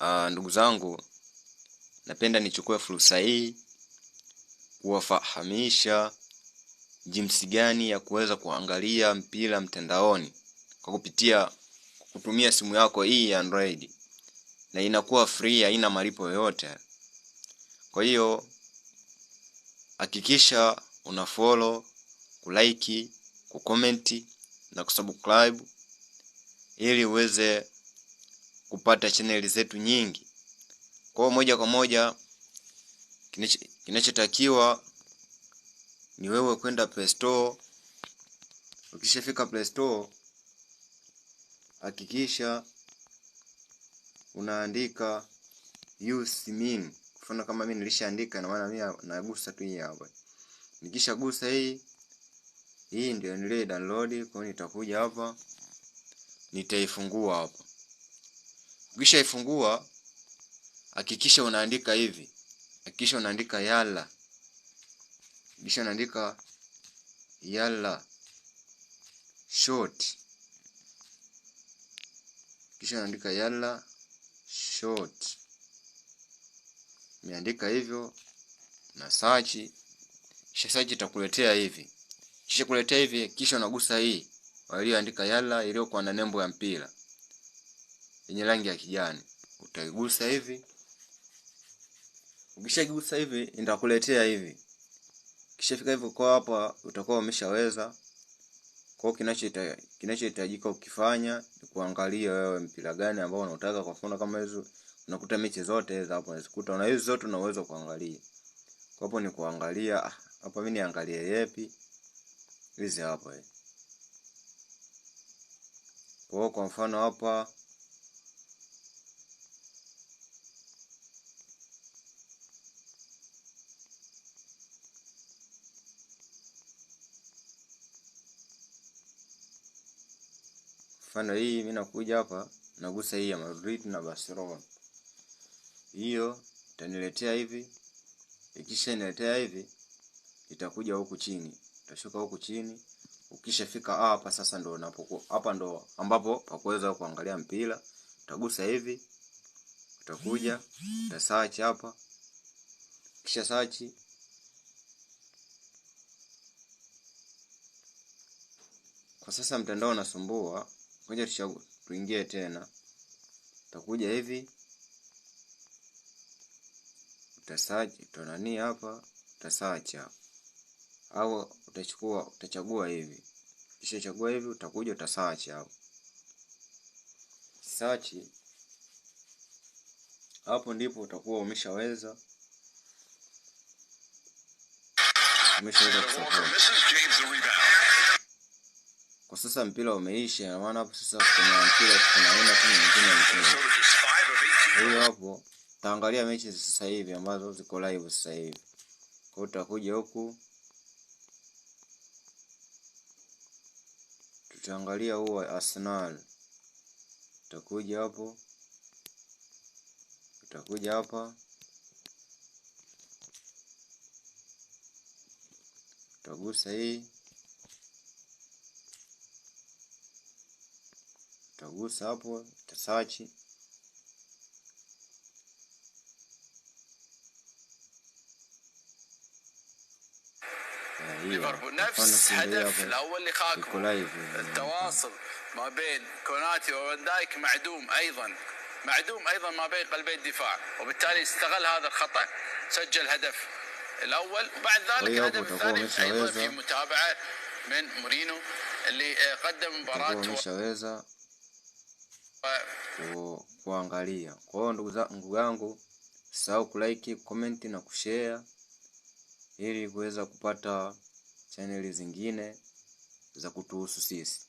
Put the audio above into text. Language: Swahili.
Uh, ndugu zangu, napenda nichukue fursa hii kuwafahamisha jinsi gani ya kuweza kuangalia mpira mtandaoni kwa kupitia kutumia simu yako hii ya Android, na inakuwa free, haina malipo yoyote. Kwa hiyo hakikisha una follow, kulike, kucomment na kusubscribe ili uweze kupata chaneli zetu nyingi. Kwa hiyo moja kwa moja kinachotakiwa ni wewe kwenda Play Store. Ukishafika Play Store, hakikisha unaandika uSimin. Mfano kama mimi nilishaandika, na maana mimi nagusa tu hii hapa. Nikishagusa hii hii ndio nile download, kwa hiyo nitakuja hapa nitaifungua hapa ukishaifungua hakikisha unaandika hivi, hakikisha unaandika yala, kisha unaandika yala short, kisha unaandika yala short. Umeandika hivyo na search, kisha search itakuletea hivi, kisha kuletea hivi, kisha unagusa hii walioandika yala iliyokuwa na nembo ya mpira yenye rangi ya kijani, utaigusa hivi. ukishagusa hivi nitakuletea hivi, kishafika hivyo kwa hapa utakuwa umeshaweza. Kwa hiyo kinachohitajika ukifanya ni kuangalia wewe mpira gani ambao unataka. Kwa mfano kama hizo unakuta mechi zote za hapo unazikuta, na hizo zote una uwezo kuangalia. Kwa hapo ni kuangalia ah, hapa, mimi niangalie yepi hizi hapa. Kwa kwa mfano hapa mfano hii mimi nakuja hapa nagusa hii ya Madrid na Barcelona, hiyo itaniletea hivi. Ikisha niletea hivi, itakuja huku chini, utashuka huku chini. Ukishafika hapa sasa, ndo unapokuwa hapa, ndo ambapo pakuweza kuangalia mpira. Utagusa hivi, utakuja search hapa, kisha search kwa sasa mtandao unasumbua. Ngoja tuingie tena, utakuja hivi utasearch, utanani hapa utasearch hapa, au utachukua utachagua hivi, kisha chagua hivi, utakuja utasearch hapa search. Hapo ndipo utakuwa umeshaweza umeshaweza kwa sasa mpira umeisha, na maana hapo sasa kuna mpira aina tu nyingine mpira. Huyo hapo taangalia mechi sasa hivi ambazo ziko live sasa hivi. Kwa hiyo tutakuja huku tutaangalia huo Arsenal. Tutakuja hapo. Tutakuja hapa. Tutagusa hii Itaú, Sapo, Intersat. ليفربول نفس الهدف الاول اللي خاكم التواصل ما بين كوناتي وفان دايك معدوم ايضا معدوم ايضا ما بين قلبي الدفاع وبالتالي استغل هذا الخطا سجل هدف الاول وبعد ذلك طيب، الهدف الثاني ايضا في متابعه من مورينو اللي آه، قدم مباراه ku, kuangalia. Kwa hiyo ndugu zangu, ndugu yangu, usisahau kulike, comment na kushare ili kuweza kupata chaneli zingine za kutuhusu sisi.